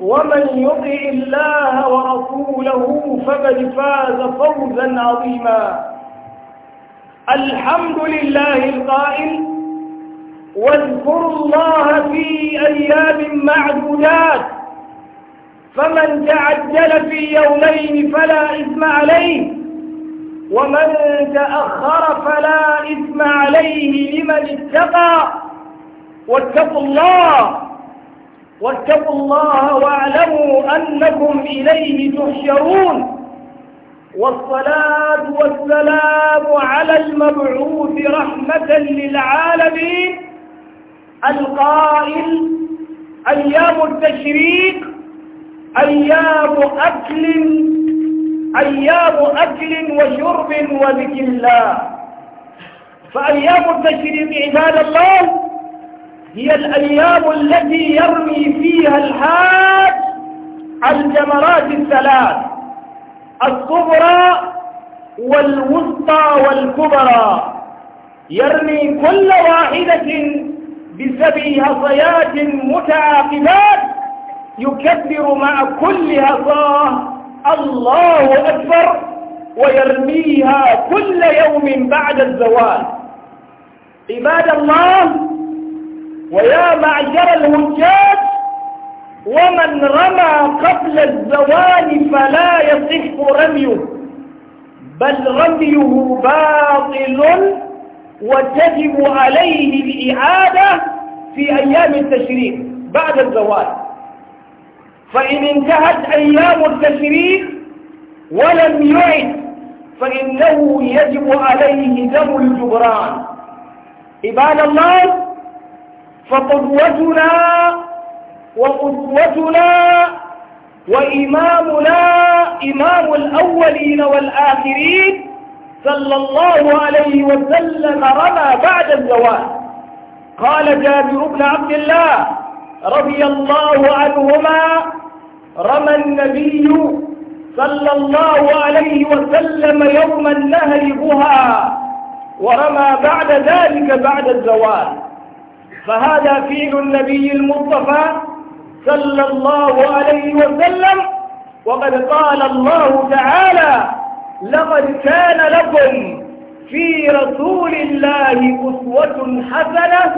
ومن يطع الله ورسوله فقد فاز فوزا عظيما الحمد لله القائل واذكروا الله في أيام معدودات فمن تعجل في يومين فلا إثم عليه ومن تأخر فلا إثم عليه لمن اتقى واتقوا الله واتقوا الله واعلموا أنكم إليه تحشرون والصلاة والسلام على المبعوث رحمة للعالمين القائل أيام التشريق أيام أكل أيام أكل وشرب وذكر الله فأيام التشريق عباد الله هي الأيام التي يرمي فيها الحاج الجمرات الثلاث الصغرى والوسطى والكبرى يرمي كل واحدة بسبع صيات متعاقبات يكبر مع كل هصاه الله أكبر ويرميها كل يوم بعد الزوال عباد الله ويا معجر الهجاج ومن رمى قبل الزوال فلا يصح رميه بل رميه باطل وتجب عليه الإعادة في أيام التشريق بعد الزوال فإن انتهت أيام التشريق ولم يعد فإنه يجب عليه دم الجبران عباد الله فقدوتنا وقدوتنا وإمامنا إمام الأولين والآخرين صلى الله عليه وسلم رمى بعد الزواج قال جابر بن عبد الله رضي الله عنهما رمى النبي صلى الله عليه وسلم يوم النهر بها ورمى بعد ذلك بعد الزواج فهذا فعل النبي المصطفى صلى الله عليه وسلم وقد قال الله تعالى لقد كان لكم في رسول الله أسوة حسنة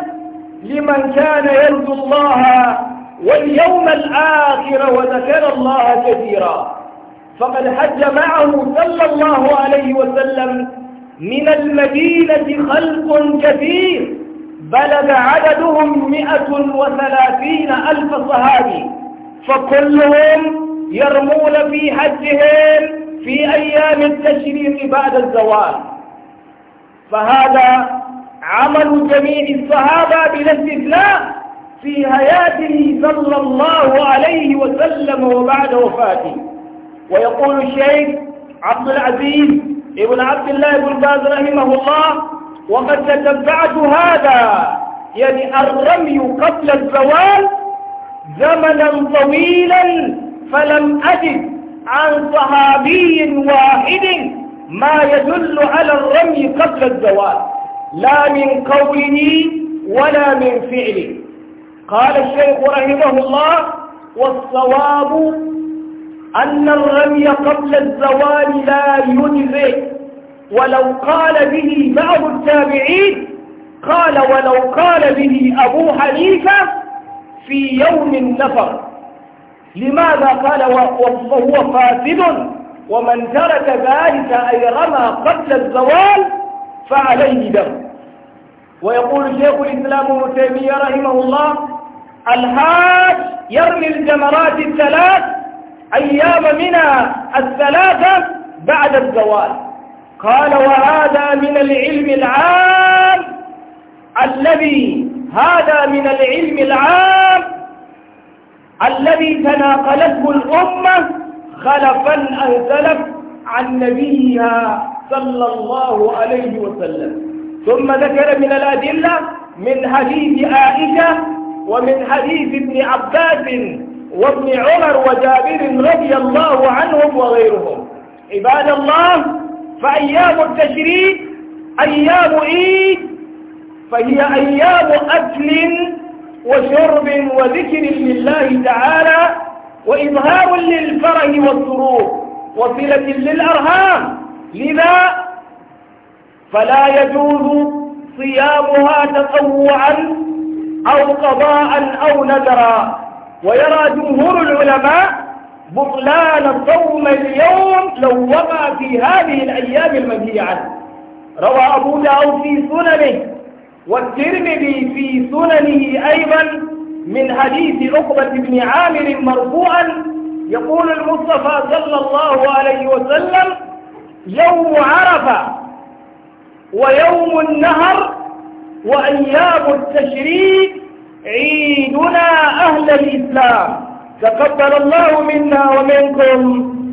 لمن كان يرجو الله واليوم الآخر وذكر الله كثيرا فقد حج معه صلى الله عليه وسلم من المدينة خلق كثير بلغ عددهم مئة وثلاثين ألف صحابي فكلهم يرمون في حجهم في أيام التشريق بعد الزوال فهذا عمل جميع الصحابة بلا استثناء في حياته صلى الله عليه وسلم وبعد وفاته ويقول الشيخ عبد العزيز ابن عبد الله بن باز رحمه الله وقد تتبعت هذا يعني الرمي قبل الزوال زمنا طويلا فلم أجد عن صحابي واحد ما يدل على الرمي قبل الزوال لا من قوله ولا من فعله قال الشيخ رحمه الله والصواب أن الرمي قبل الزوال لا يجزئ ولو قال به بعض التابعين قال ولو قال به أبو حنيفة في يوم النفر لماذا قال وهو فاسد ومن ترك ذلك أي رمى قبل الزوال فعليه دم ويقول شيخ الإسلام ابن تيمية رحمه الله الحاج يرمي الجمرات الثلاث أيام منها الثلاثة بعد الزوال قال وهذا من العلم العام الذي هذا من العلم العام الذي تناقلته الأمة خلفا أن سلف عن نبيها صلى الله عليه وسلم ثم ذكر من الأدلة من حديث عائشة ومن حديث ابن عباس وابن عمر وجابر رضي الله عنهم وغيرهم عباد الله فأيام التشريق أيام عيد فهي أيام أكل وشرب وذكر لله تعالى وإظهار للفرح والسرور وصلة للأرهام لذا فلا يجوز صيامها تطوعا أو قضاء أو نذرا ويرى جمهور العلماء بطلان صوم اليوم لو وقع في هذه الأيام المنهي عنه روى أبو داود في سننه والترمذي في سننه أيضا من حديث عقبة بن عامر مرفوعا يقول المصطفى صلى الله عليه وسلم يوم عرفة ويوم النهر وأيام التشريد عيدنا أهل الإسلام تقبل الله منا ومنكم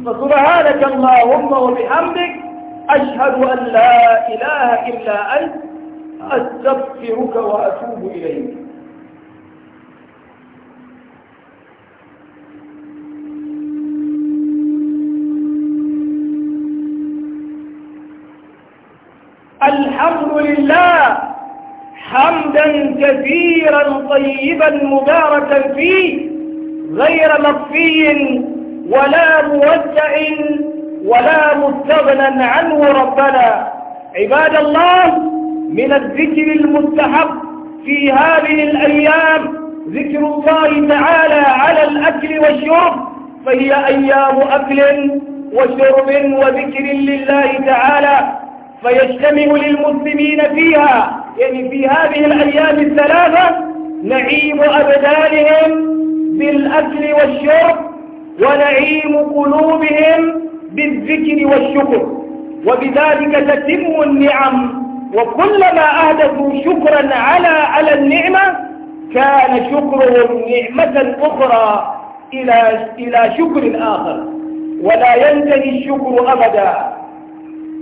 فسبحانك اللهم وبحمدك أشهد أن لا إله إلا أنت أستغفرك وأتوب إليك الحمد لله حمدا كثيرا طيبا مباركا فيه غير مخفي ولا مودع ولا مستغنى عنه ربنا عباد الله من الذكر المستحب في هذه الأيام ذكر الله تعالى على الأكل والشرب فهي أيام أكل وشرب وذكر لله تعالى فيجتمع للمسلمين فيها يعني في هذه الأيام الثلاثة نعيم أبدانهم بالأكل والشرب ونعيم قلوبهم بالذكر والشكر وبذلك تتم النعم وكلما أهدفوا شكرا على على النعمة كان شكرهم نعمة أخرى إلى إلى شكر آخر ولا ينتهي الشكر أبدا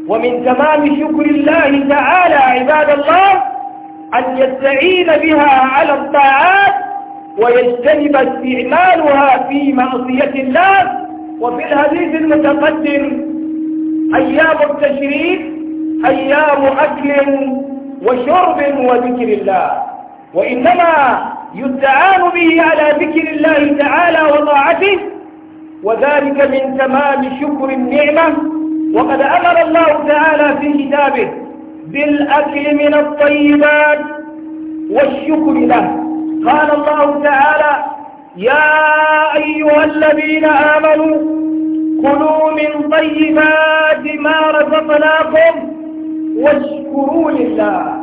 ومن تمام شكر الله تعالى عباد الله أن يستعين بها على الطاعات ويجتنب استعمالها في معصية الله وفي الحديث المتقدم أيام التشريف أيام أكل وشرب وذكر الله وإنما يستعان به على ذكر الله تعالى وطاعته وذلك من تمام شكر النعمة وقد أمر الله تعالى في كتابه بالأكل من الطيبات والشكر له قال الله تعالى يا أيها الذين آمنوا كلوا من طيبات ما رزقناكم واشكروا لله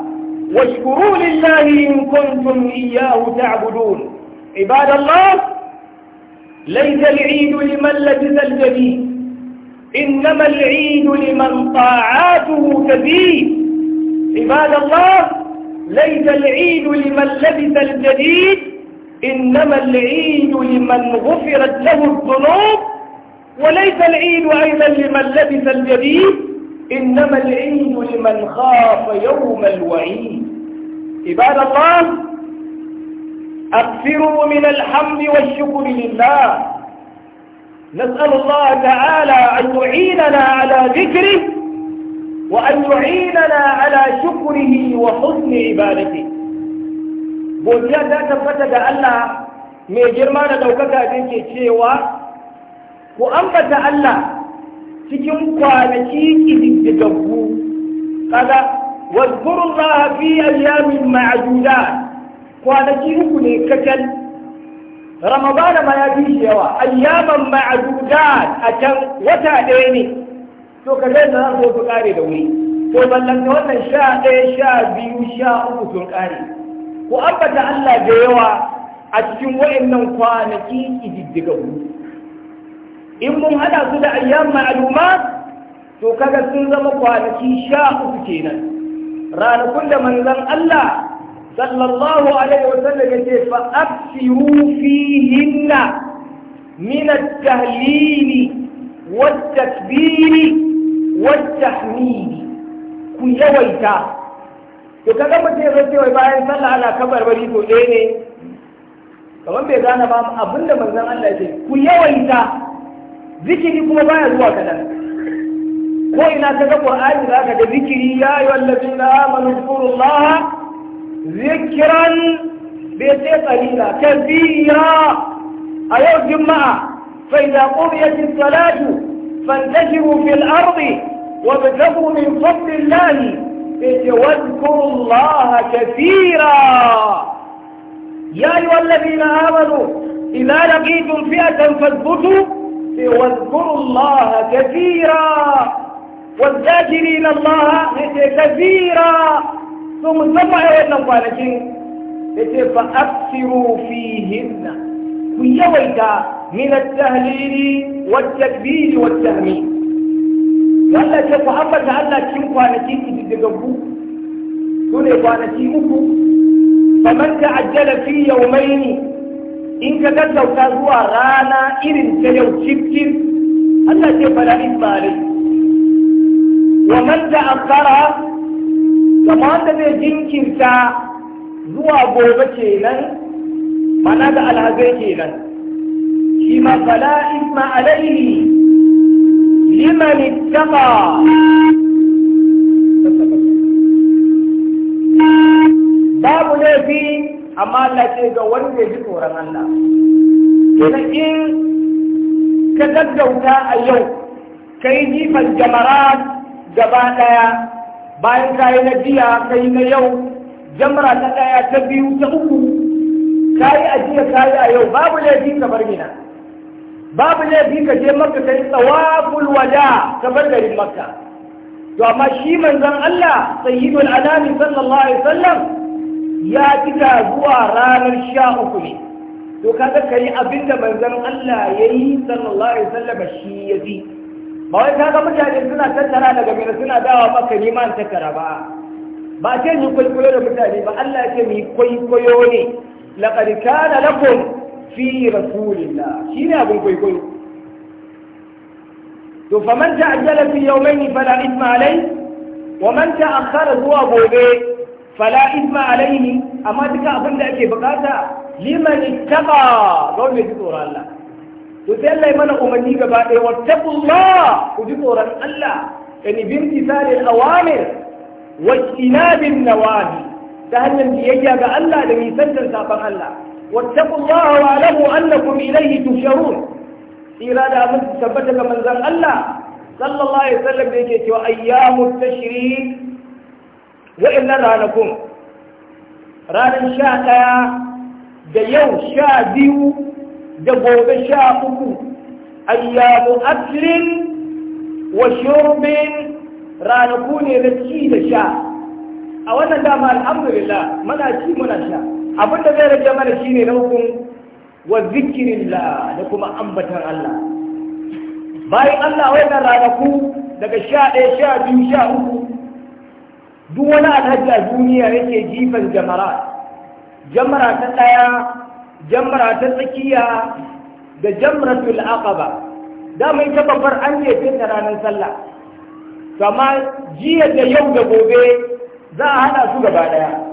واشكروا لله إن كنتم إياه تعبدون عباد الله ليس العيد لمن لبس الجديد إنما العيد لمن طاعاته تزيد عباد الله ليس العيد لمن لبس الجديد إنما العيد لمن غفرت له الذنوب وليس العيد أيضا لمن لبس الجديد إنما العيد لمن خاف يوم الوعيد عباد الله أكثروا من الحمد والشكر لله نسأل الله تعالى أن يعيننا على ذكره وأن يعيننا على شكره وحسن عبادته godiya ta tabbata ga Allah mai girma da ɗaukaka da ke cewa ku ambata Allah cikin kwanaki ƙididdigaggu kaga wazkurun Allah fi ayyamin ma'aduda kwanaki uku ne kacal Ramadana ma ya fi yawa ayyaman ma'aduda a can wata ɗaya ne to ka ga na so ka kare da wuri to ballanta wannan sha ɗaya sha biyu sha uku sun kare ku ambata Allah da yawa a cikin wayannan kwanaki ididdiga ididdigaggu in mun hada su da ayyam ma'lumat to kaga sun zama kwanaki sha uku kenan ranakun da manzon Allah sallallahu alaihi wasallam ya ce fa afsiru fihinna min at tahlili والتكبير والتحميد كيويتا وكذا ما تيغزي ويبعين صلى على كبر بريدو ليني فمن بيغانا بام أبن لما زمان الله يجي كيويتا ذكري كما بايا دوا كذا كوي ناسا آيه لأكا ذكري يا أيها الذين آمنوا اذكروا الله ذكرا بيتي قليلا كثيرا أيها الجماعة فإذا قضيت الصلاة فانتشروا في الأرض وابتغوا من فضل الله واذكروا الله كثيرا يا أيها الذين آمنوا إذا لقيتم فئة فاثبتوا واذكروا الله كثيرا والذاكرين الله كثيرا ثم سبع وإنهم قالتين فأكثروا فيهن ويويت من التهليل والتكبير والتهميل Allah ke ku ambata Allah cikin kwanaki ku. su ne kwanaki uku faman ta'ajjala fi ne. in ka gaggauta zuwa rana irin ta yau cikin Allah ce fala isma alai wa man ta'akhara kama wanda zai jinkirta zuwa gobe kenan mana da alhazai kenan shi ma fala isma alaihi لمن اتقى babu laifi amma Allah ce ga wanda ya ji tsoron Allah kenan in ka gaggauta a yau ka yi jifan jamarat gaba ɗaya bayan ka yi na jiya ka yi na yau jamara ta ɗaya ta biyu ta uku ka yi a jiya ka yi a yau babu laifi ka bar gina babu laifi ka je maka kai tsawaful ka ta garin makka to amma shi manzon Allah sayyidul anami sallallahu alaihi wasallam ya cika zuwa ranar sha uku ne to kaga kai abinda manzon Allah yayi sallallahu alaihi wasallam shi ya ba wai kaga mutane suna tattara daga mina suna dawa maka neman tattara ba ba ce ni kwaikwayo da mutane ba Allah ya ce ni kwaikwayo ne laqad kana lakum fi rasulillah ne abin kwaikwayo to faman ta'ajjala fi yawmayni fala ithma alayhi wa man ta'akhkhara zuwa gobe fala isma alaihi amma duka abin da ake bukata liman ittaba ga mai ji tsoron Allah to sai Allah ya mana umarni gaba ɗaya wattaqullah ku ji tsoron Allah yani bin tisalil awamir wa ijtinabin nawahi ta hanyar biyayya ga Allah da nisantar saban Allah واتقوا الله واعلموا أنكم إليه تشرون إلى أن ثبتك من ذن الله صلى الله عليه وسلم يجيك وأيام التشريك وإن رانكم ranar sha ɗaya da yau sha biyu da gobe sha uku ayyamu aklin wa shurbin ranaku ne na ci da sha a wannan dama alhamdulillah muna ci muna sha abin da zai rage mana shine na hukun wa zikirillah da kuma ambatan Allah bayan Allah wannan ranaku daga sha ɗaya sha biyu sha uku duk wani alhaji a duniya yake jifan jamara jamara ta ɗaya jamara ta tsakiya da jamratul aqaba da mai ta babbar an jefe ta ranar sallah kama jiya da yau da gobe za a hada su gaba ɗaya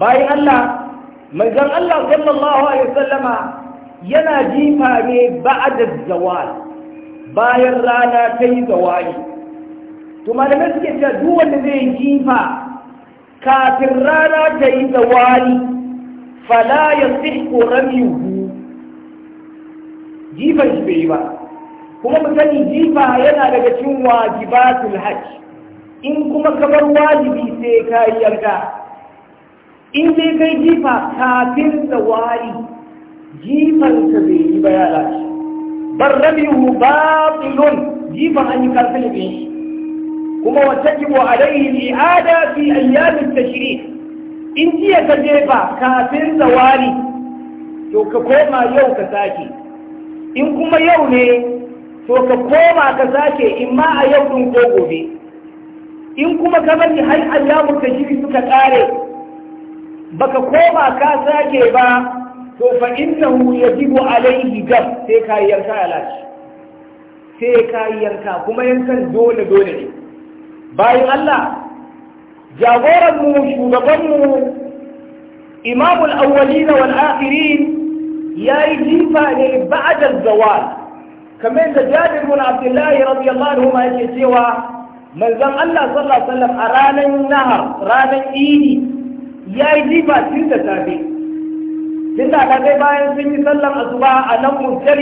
bayan Allah zan Allah sallallahu alaihi wasallama yana jifa ne ba'da zawal bayan rana ta yi zawali to malamai suke cewa duk wanda zai jifa kafin rana ta yi zawali fala yasihu ramyuhu jifan shi bai yi ba kuma mu sani jifa yana daga cikin wajibatul hajj in kuma kamar wajibi sai ka yarda. in dai kai jifa kafin da wari jifan ka zai yi ba ya lashe bar ba batilun jifan an yi karfin bin shi kuma wata ibo A da, fi ta shiri. in jiya ka jefa kafin da wari to ka koma yau ka sake in kuma yau ne to ka koma ka sake in ma a yau ɗin ko gobe in kuma ka bari har ayyamu ka shiri suka ƙare baka koma ka sake ba to fa innahu yajibu alaihi dam sai ka yanka alashi sai ka yanka kuma yankan dole dole ne bayan Allah jagoran mu shugaban mu imamul awwalin wal akhirin yayi jifa ne ba'da zawal kamar da Jabir bin Abdullah radiyallahu anhu yake cewa manzon Allah sallallahu alaihi wasallam a ranar nahar ranar idi ya yi jifa tun da safe tun da aka bayan sun yi sallar asuba a nan ta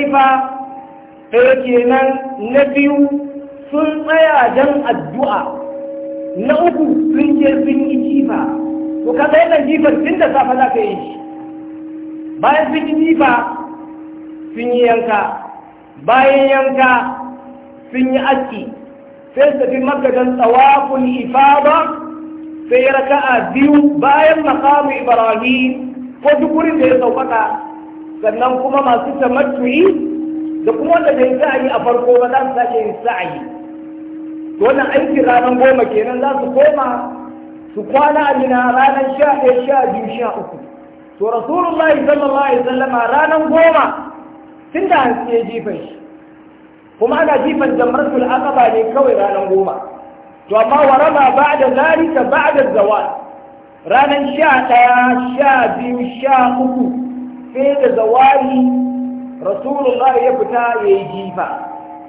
yake kenan na biyu sun tsaya don addu'a na uku sun je sun yi jifa to ka tsaye kan tun da safe za ka yi shi bayan sun yi jifa sun yi yanka bayan yanka sun yi aski sai su tafi maka don tsawafin sai ya raka'a biyu bayan makamu ibrahim ko duk wurin da ya saukaka sannan kuma masu tamattu'i da kuma wanda bai sa'ayi a farko ba za su sake yin sa'ayi wannan aiki ranar goma kenan za su koma su kwana a mina ranar sha ɗaya sha biyu sha uku to rasulullahi sallallahu alaihi sallama ranar goma tun da hansi ya jifa shi kuma ana jifan jamratul aqaba ne kawai ranar goma to amma warama ba da zalika ba da zawa ranar sha ɗaya sha biyu sha uku sai da zawari rasulullah ya fita ya yi jifa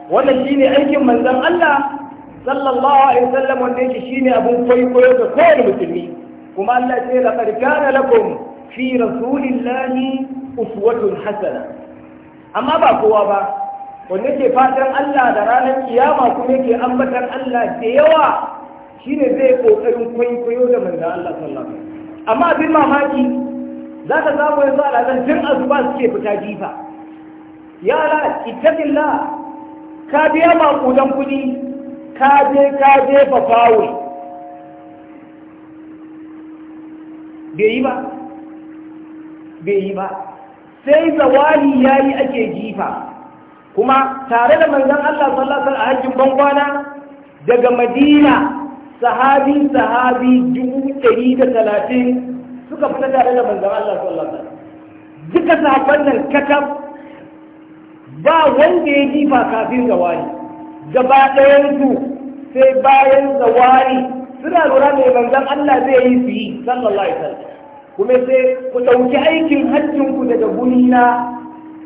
wannan shine aikin manzon Allah sallallahu alaihi sallam wanda yake shine abin kwaikwayo ga kowane musulmi kuma Allah ya ce laqad kana lakum fi rasulillahi uswatun hasana amma ba kowa ba wanda ke fatan Allah da ranar kiyama kuma yake ambatar Allah da yawa shine zai kokarin kwaikwayo da manzo Allah sallallahu alaihi amma abin mamaki za ka samu yanzu alazan tun azuba suke fita jifa yara ittaqillah ka biya makudan kuɗi ka je ka jefa fawo bai yi ba bai yi ba sai zawali yayi ake jifa kuma tare da manzan Allah sallallahu alaihi wasallam a hajjin bankwana daga Madina sahabi sahabi dubu ɗari da talatin suka fita tare da manzan Allah sallallahu alaihi wasallam duka sahabban nan kakaf ba wanda ya jifa kafin zawari gaba ɗayan su sai bayan zawari suna lura mai manzan Allah zai yi su yi sallallahu alaihi wasallam kuma sai ku ɗauki aikin hajjin ku daga gunina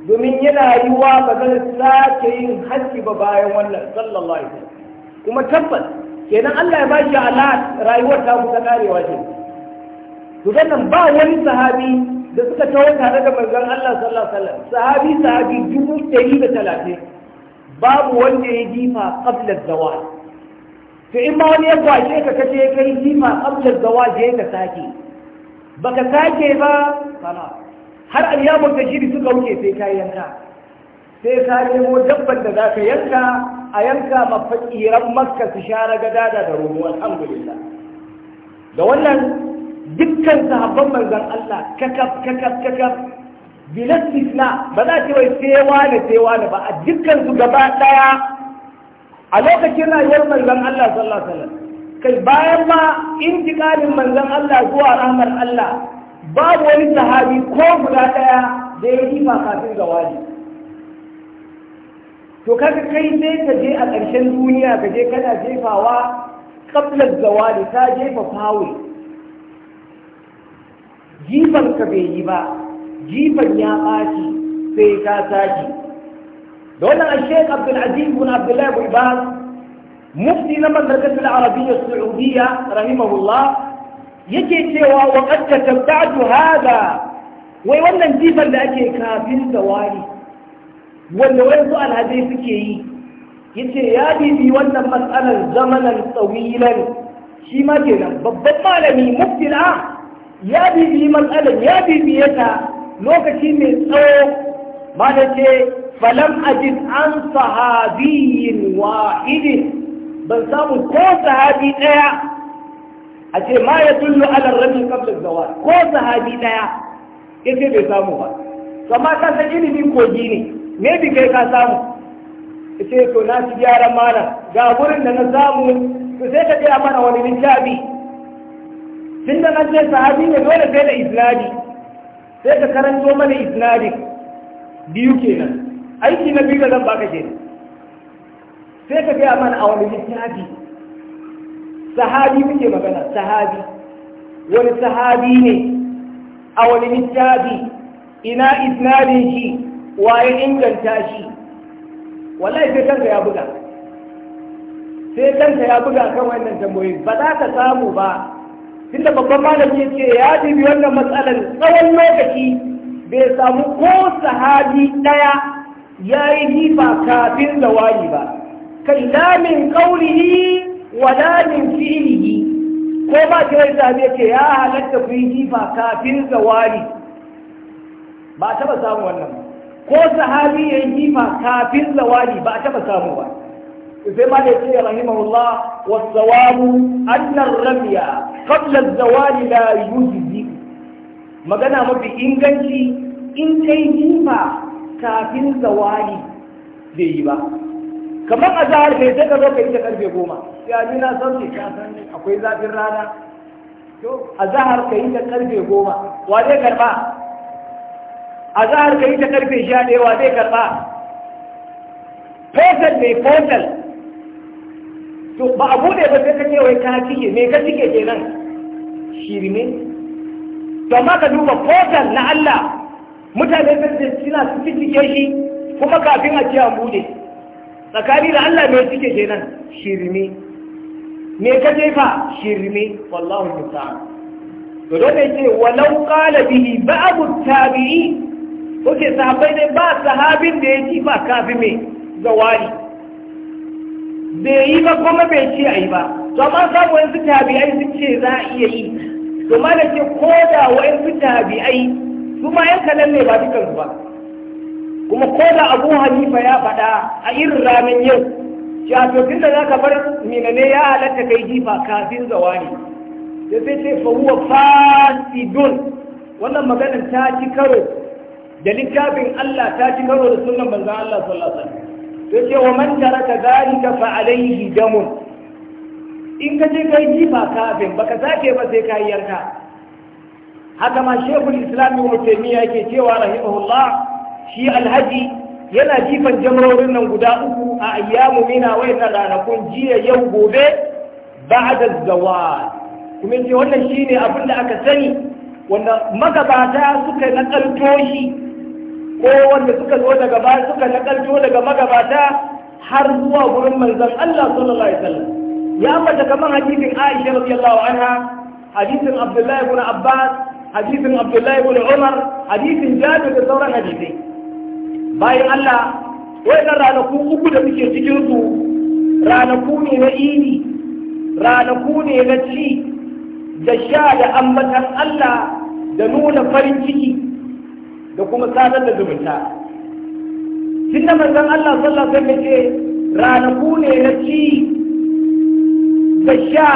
domin yana yiwa ba zan sake yin hajji ba bayan wannan sallallahu alaihi wasallam kuma tabbas kenan Allah ya bashi ala rayuwar ta kusa karewa ce to nan ba wani sahabi da suka tawo tare da manzon Allah sallallahu alaihi wasallam sahabi sahabi dubu dari da talatin babu wanda ya jifa qabla zawal to in ma wani ya kwashe ka kace kai jifa qabla zawal je ka sake baka sake ba sana'a har ayyamun shiri suka wuce sai ka yanka sai ka nemo dabbar da za ka yanka a yanka mafakiran makka su share gada da rumu alhamdulillah da wannan dukkan sahabban manzon Allah kakaf kakaf kakaf bilas isla ba za ta wai sai wani sai wani ba a dukkan su gaba daya a lokacin rayuwar manzon Allah sallallahu alaihi wasallam kai bayan ma intikalin manzon Allah zuwa rahmar Allah babu wani sahabi ko guda ɗaya da ya yi ma kafin ga wani to kaga kai sai ka je a ƙarshen duniya ka je kana jefawa kablar zawali ta jefa fawul jifan ka bai yi ba jifan ya ɓaci sai ka sake da wannan shek abdulaziz bin abdullahi bin mufti na manzarkatul arabiyya saudiya rahimahullah yake cewa wa qad tatabtu hada wai wannan jifan da ake kafin zawari wanda wasu alhazai suke yi yace ya bibi wannan matsalar zamanan tsawilan shi ma babban malami muftila ya bibi matsalar ya bibiye lokaci mai tsawo ma da ce falam ajid an sahabiyin wahidin ban samu ko sahabi ɗaya a ce ma ya tullu ala rajul qabla zawal ko sahabi daya yace bai samu ba kama ka san ilimi kogi ne me bi kai ka samu yace to na ci gyaran mana ga gurin da na samu to sai ka gaya mana wani linjabi tun da nan ce sahabi ne dole sai da isnadi sai ka karanto mana isnadi biyu kenan aiki na biyu da zan baka kenan sai ka gaya mana a wani littafi sahabi muke magana sahabi wani sahabi ne a wani littafi ina isnadin shi waye inganta shi wallahi sai kanka ya buga sai kanka ya buga kan wannan tambayoyi ba za ka samu ba tunda babban malami ya ce ya dubi wannan matsalar tsawon lokaci bai samu ko sahabi ɗaya ya yi nifa kafin zawali ba kai lamin min wala min fi'lihi ko ba wai zabi yake ya halatta ku yi jifa kafin zawali ba ba samu wannan ko sahabi ya yi jifa kafin zawali ba ba samu ba sai ma da ya rahimahullah wasawabu annar rabiya qabla zawali la yujzi magana mafi inganci in kai jifa kafin zawali bai yi ba kamar a zahar kai sai ka zo ka yi ta karfe goma ya ni na ne. ka san akwai zafin rana to a zahar ka yi ta karfe goma wa zai karba a zahar ka yi ta karfe sha ɗaya wa zai karba portal mai portal to ba a bude ba sai ka ce wai ka cike me ka cike kenan shirme to amma ka duba portal na Allah mutane sai suna su cike shi kuma kafin a ce an bude tsakani da Allah me cike kenan shirme me ka je ka shirme wallahu ta to ne ce walau qala bihi ba'd tabi'i ke sahabbai ne ba sahabin da yake ba kafi me wali. bai yi ba kuma bai ce ai ba to amma samu wani tabi'ai sun ce za a iya yi to ma da ce ko da wani tabi'ai su ma yan kalan ne ba dukansu ba kuma ko da abu hanifa ya faɗa a irin ramin yau shi da za ka bar minane ya halatta kai jifa kafin zawani da sai ce fahuwa fasidun wannan maganar ta ci karo da littafin Allah ta ci karo da sunan manzan Allah sallallahu alaihi wasallam ce wa man taraka zalika fa alaihi damun in ka je kai jifa kafin baka sake ba sai kai yanka haka ma shekul islam ibn taymiya yake cewa rahimahullah shi alhaji yana jifan jamrorin nan guda uku a ayyamu mina wayannan ranakun jiya yau gobe ba'da zawal kuma ce wannan shi ne abin da aka sani wanda magabata suka nakalto shi ko wanda suka zo daga baya suka nakalto daga magabata har zuwa gurin manzon Allah sallallahu alaihi wasallam ya mata kaman hadisin Aisha radiyallahu anha hadisin Abdullahi ibn Abbas hadisin Abdullahi ibn Umar hadisin Jabir da sauran hadisai bayan Allah wayannan ranaku uku da muke cikin su ranaku ne na ini ranaku ne na ci da sha da ambatan Allah da nuna farin ciki da kuma sadar da zumunta tun da manzon Allah sallallahu alaihi wasallam ce ranaku ne na ci da sha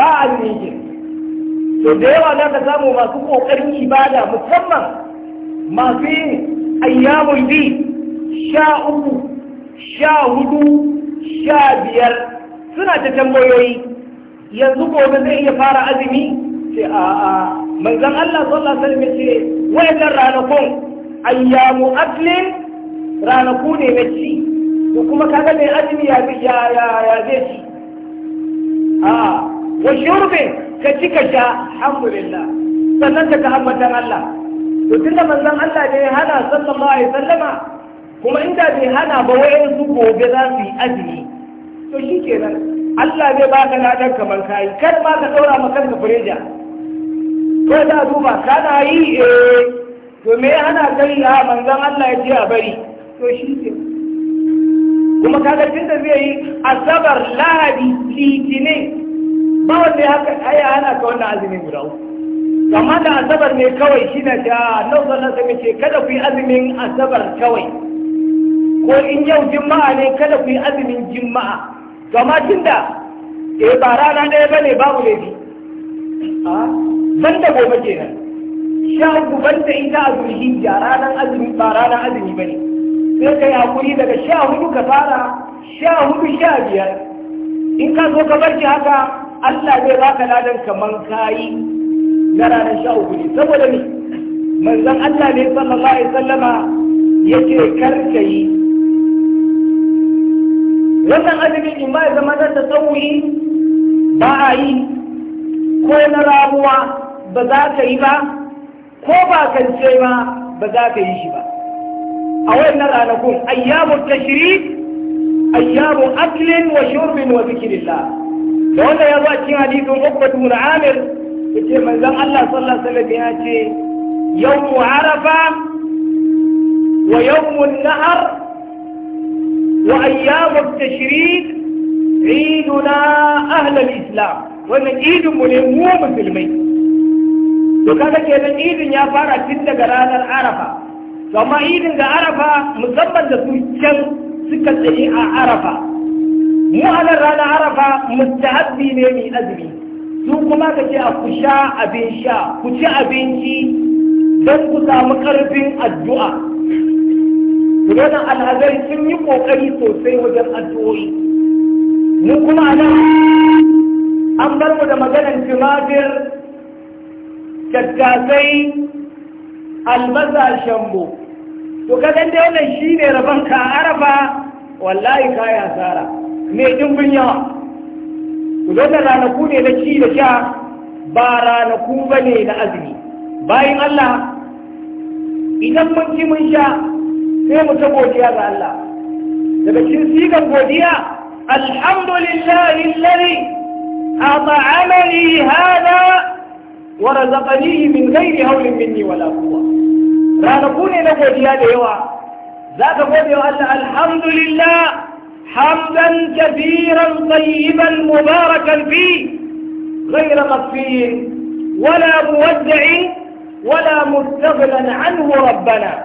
ba a nijin to da yawa za ka samu masu ƙoƙarin ibada musamman masu yin ayyamun bi sha uku sha hudu sha biyar suna ta tambayoyi yanzu gobe zai iya fara azumi ce a a manzan Allah sallallahu alaihi wasallam ce wayannan ranakun ayyamu aslin ranaku ne na ci da kuma kaga mai azumi ya ya ya ya zai ci a wa shurbin ka ci ka sha alhamdulillah sannan ka ka Allah to tunda manzon Allah ne ya hana sallallahu alaihi sallama kuma inda bai hana ba wayan su gobe za su yi azumi to shi kenan Allah zai ka ladan kamar kai kar ma ka daura maka kanka fureja ko da duba kana yi eh to me hana kai ya ah, manzon Allah ya ce a bari to shi ke. kuma kaga tunda zai yi asabar lahadi litinin ba wanda ya hana ka wannan azumi guda uku amma da asabar ne kawai shi na ta nau na sami ce kada ku yi azumin asabar kawai ko in yau jima'a ne kada ku yi azumin jima'a gama tun da e ba rana ɗaya ba ne babu laifi ban da gobe nan sha uku ban da ita a zulhijja ranar azumi ba ranar azumi ba ne sai ka yi hakuri daga sha hudu ka fara sha hudu sha biyar in ka zo ka barci haka Allah zai baka ladan kaman kayi na ranar sha uku ne saboda me manzon Allah ne sallallahu alaihi sallama ya ce ka yi wannan azumin in ba ya zama da tasawuri ba a yi ko na ramuwa ba za ka yi ba ko ba kance ma ba za ka yi shi ba a wannan ranakun ayyamun tashrik ayyamun aklin wa shurbin wa zikrillah da wanda ya zo a cikin hadisin ubbatu na amir yace manzon Allah sallallahu alaihi wasallam ya ce yawmu arafa wa yawmu nahar wa ayyamut tashrik iduna ahlul islam wannan idin mu ne mu musulmai to kaga kenan idin ya fara tun daga ranar arafa to amma idin da arafa musamman da su can suka tsaye a arafa mu a nan ranar arafa mustahabbi ne mai azumi su kuma ka ce a ku sha abin sha ku ci abinci don ku samu ƙarfin addu'a Gudanar alhazari sun yi ƙoƙari sosai wajen addu'o'i mu kuma a an bar mu da maganar jimabir tattasai albasa shambo to kadan dai wannan shine rabon ka arafa wallahi kaya tsara. me dimbin yawa wannan ranaku ne na ci da sha ba ranaku ba ne na azumi bayan Allah idan mun ci mun sha sai mu ta godiya ga Allah daga cikin sigan godiya alhamdulillahi alladhi at'amani hada wa razaqani min ghairi hawlin minni wala quwwa ranaku ne na godiya da yawa zaka gode wa Allah alhamdulillah حمدا كثيرا طيبا مباركا فيه غير مطفي ولا مودع ولا مستغلا عنه ربنا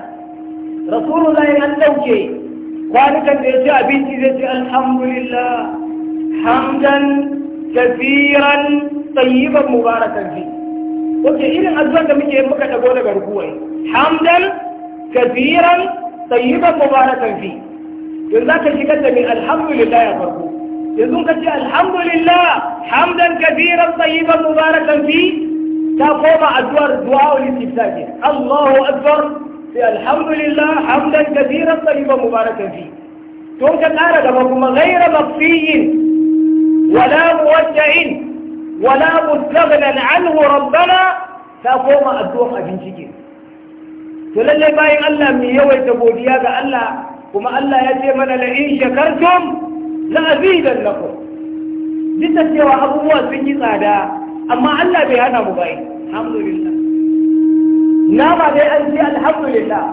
رسول الله ينلوكي قالك اللي جاء بيتي الحمد لله حمدا كثيرا طيبا مباركا فيه wace irin addu'ar da muke muka dago daga rukuwai hamdan kafiran tayyiban mubarakan yanzu ka shigar da mai alhamdulillah ya farko yanzu ka ce alhamdulillah hamdan kabiran tayyiban mubarakan fi ta koma addu'ar du'a ul istifta ke Allahu akbar sai alhamdulillah hamdan kabiran tayyiban mubarakan fi to ka kara gaba kuma ghaira mafiyin wala muwadda'in wala mustaghnan anhu rabbana ta koma addu'ar abinci ke to lallai bayan Allah mai yawaita godiya ga Allah kuma Allah ya ce mana la'in shakartum la'azidan lakum duk da cewa abubuwa sun yi tsada amma Allah bai hana mu bai alhamdulillah nama dai an ce alhamdulillah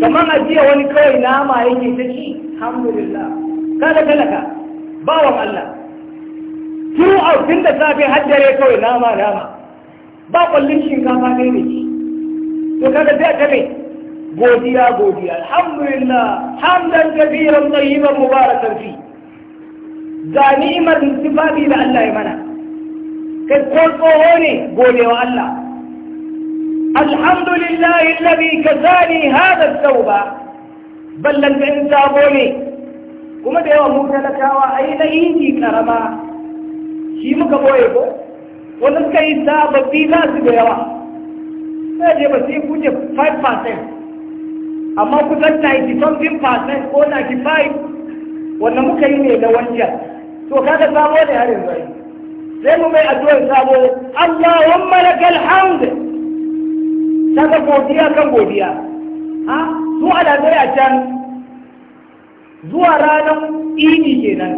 kamar a jiya wani kawai nama yake ta ci alhamdulillah kada talaka bawan Allah a tun da safe haddare kawai nama nama ba kwallon shinkafa ne ne to kada sai a ta godiya godiya alhamdulillah hamdan kabiran tayyiban mubarakan fi ga ni'imar sifafi da Allah ya mana kai ko tsoho ne gode wa Allah alhamdulillah alladhi kazani hada tauba ballan ka in sabo ne kuma da yawan mun talakawa ai na inji karama shi muka boye ko wani suka yi sababbi za su da yawa sai je ba sai kuce 5% amma kusan 90 something percent ko 95 wanda muka yi ne da wancan to kada sabo ne har yanzu. sai mu mai addu'ar sabo Allahumma lakal hamd saka godiya kan godiya ha su ala a can zuwa ranar idi kenan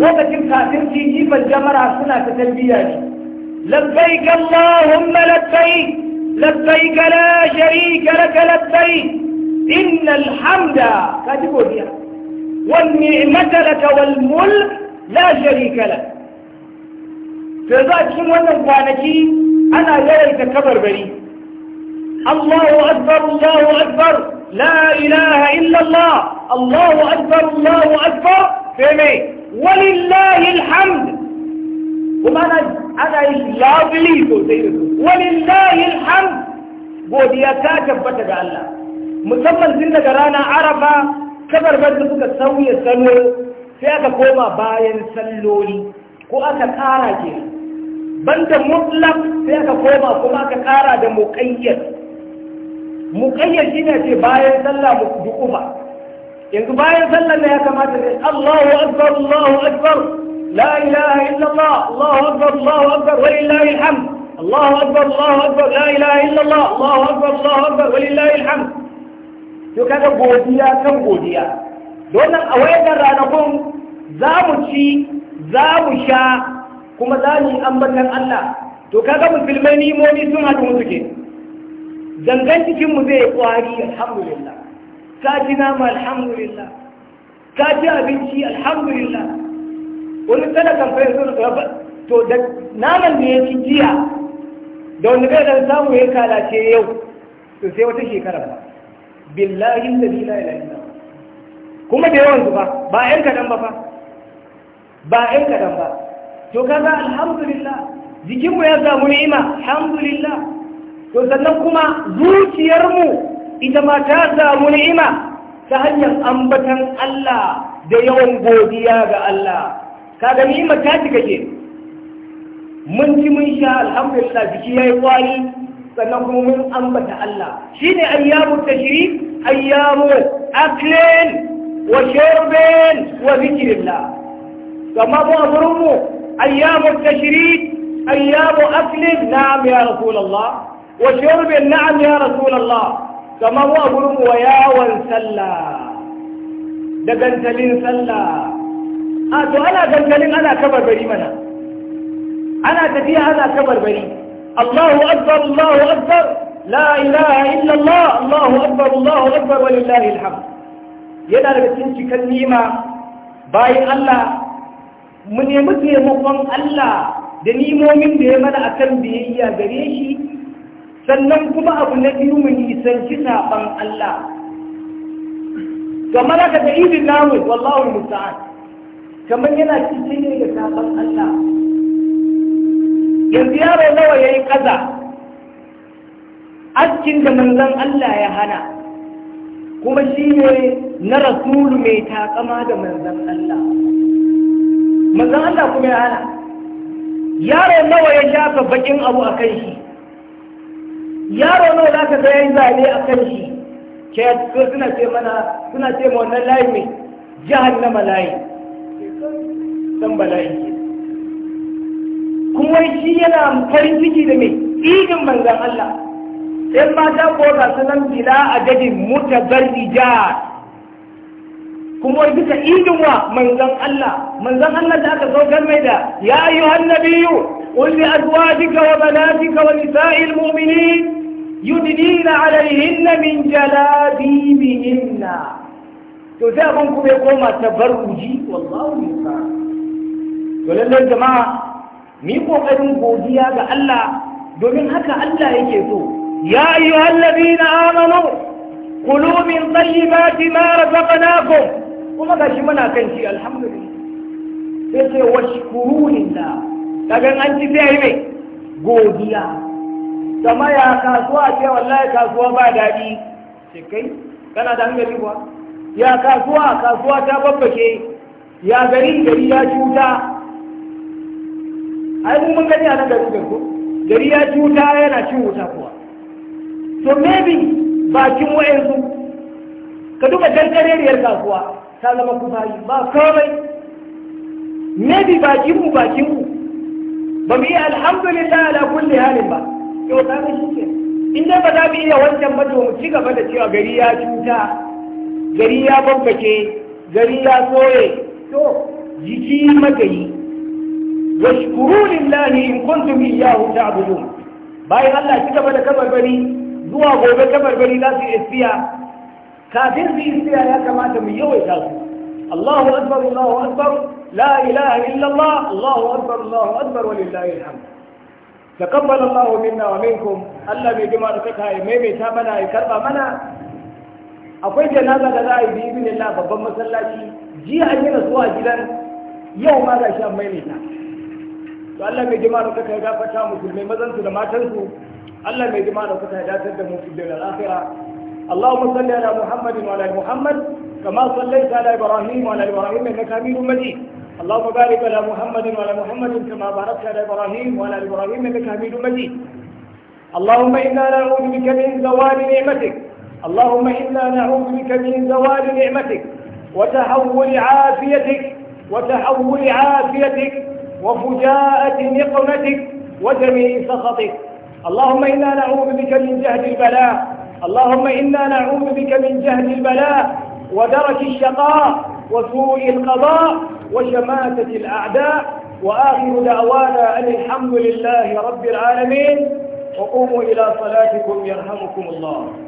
lokacin kafin ciki ban jamara suna ta talbiya ne labbaik Allahumma labbaik labbaik la sharika laka labbaik إن الحمد كاتبوديا والنعمة لك والملك لا شريك لك فإذا شنو وانا كوانكي أنا جريت كبر بني الله أكبر الله أكبر لا إله إلا الله الله أكبر الله أكبر فهمي ولله الحمد وما أنا أنا لا بليكو ولله الحمد بوديا كاتب الله musamman tun daga rana arafa kabarbar da suka sauya salo sai aka koma bayan salloli ko aka kara ke banda mutlak sai aka koma kuma aka kara da muƙayyar muƙayyar shi ne ce bayan sallah duƙufa yanzu bayan sallah ne ya kamata ne Allahu akbar Allahu akbar la ilaha illallah Allahu akbar Allahu akbar walillahi alhamd أكبر الله أكبر لا إله إلا الله الله أكبر الله أكبر ولله الحمد to kaga godiya kan godiya don nan a wayar ranakun za mu ci za mu sha kuma za mu yi ambatan Allah to kaga musulmai nimomi sun haɗu musu ke zangan cikin mu zai kwari alhamdulillah ka ci nama alhamdulillah ka ci abinci alhamdulillah wani talakan fa yanzu to da naman da ya ci jiya da wani bai da samu ya kalace yau to sai wata shekara ba billahi alladhi la ilaha illa kuma da yawan su ba ba ƴan kaɗan ba fa ba ƴan kaɗan ba to kaza alhamdulillah jikinmu ya samu ni'ima alhamdulillah to sannan kuma zuciyarmu ita ma ta samu ni'ima ta hanyar ambatan Allah da yawan godiya ga Allah kaga ni'ima ta cika ke mun ci mun sha alhamdulillah jiki yayi kwari sannan kuma mun ambata Allah shine ayyamu tashrik ayyamu aklin wa shirbin wa zikrillah kama mu amurmu ayyamu tashrik ayyamu aklin na'am ya rasulullah wa shirbin na'am ya rasulullah kama mu amurmu wa yawan sallah da gantalin sallah a to ana gantalin ana kabarbari mana ana tafiya ana kabarbari الله أكبر الله أكبر لا إله إلا الله الله أكبر الله أكبر ولله الحمد yana daga cikin cikin nima bayan Allah mu nemi taimakon Allah da nimomin da ya mana akan biyayya gare shi sannan kuma abu na biyu mu nisanci saban Allah kamar da idin namu wallahu musta'an kamar yana cikin ne da saban Allah yanzu yaro nawa ya yi kaza? askin da manzan Allah ya hana kuma shi ne na rasulu mai takama da manzan Allah manzan Allah kuma ya hana yaro nawa ya shafa bakin abu a kan shi yaro nawa za ka zai zane a kan shi ke suna ce mana suna ce ma wannan layi mai jihar na malayi san bala'i kuma shi yana farin ciki da mai idin manzan Allah sai mata ko ga sanan bila adadin mutabarrija kuma wai bisa idin wa manzan Allah manzan Allah da aka saukar mai da ya ayyuhan nabiyyu قل لأزواجك وبناتك ونساء المؤمنين يدنين عليهن من جلابيبهن to sai abin kuma ya koma tabarruji wallahu yusa to lallan jama'a mu yi godiya ga Allah domin haka Allah yake so ya yi hallabi na amanu kulu min tayyibati ma razaqnakum kuma gashi muna kan shi alhamdulillah sai sai washkuru lillah kaga an ci sai mai godiya kama ya kasuwa ce wallahi kasuwa ba daɗi sai kai kana da hankali kuwa ya kasuwa kasuwa ta babbake ya gari gari ya cuta ai mun gani a nan garin ko gari ya ci wuta yana cin wuta kuwa so maybe bakin wayansu ka duka dankareriyar kasuwa ta zama kufari ba komai maybe bakin mu bakin mu ba mu yi alhamdulillah ala kulli halin ba yau ta ga shi in dai ba za mu iya wancan ba to mu ci gaba da cewa gari ya cuta gari ya bambace gari ya soye to jiki magayi yashkuru lillahi in kuntum iyyahu ta'budun bayan Allah shi gaba da kabarbari zuwa gobe kabarbari za su isiya kafin su isiya ya kamata mu yawaita su Allahu akbar Allahu akbar la ilaha illallah Allahu akbar Allahu akbar walillahi alhamd taqabbal Allahu minna wa minkum Allah bai jima da kaka ya maimaita mana ya karba mana akwai janaza da za a yi bi ibn Allah babban masallaci jiya an yi rasuwa gidan yau ma ga shi an maimaita to Allah mai jima da kuka gafarta musulmai mazan su da matan su Allah mai jima da kuka dace da mu fi da akhira Allahumma salli ala Muhammadin wa ala Muhammad kama sallaita ala Ibrahim wa ala Ibrahim innaka Hamidum Majid اللهم بارك على محمد وعلى محمد كما باركت على ابراهيم وعلى ابراهيم انك حميد مجيد اللهم انا نعوذ بك من زوال نعمتك اللهم انا نعوذ بك من زوال نعمتك وتحول عافيتك وتحول عافيتك وفجاءة نقمتك وجميع سخطك اللهم إنا نعوذ بك من جهد البلاء اللهم إنا نعوذ بك من جهد البلاء ودرك الشقاء وسوء القضاء وشماتة الأعداء وآخر دعوانا أن الحمد لله رب العالمين وقوموا إلى صلاتكم يرحمكم الله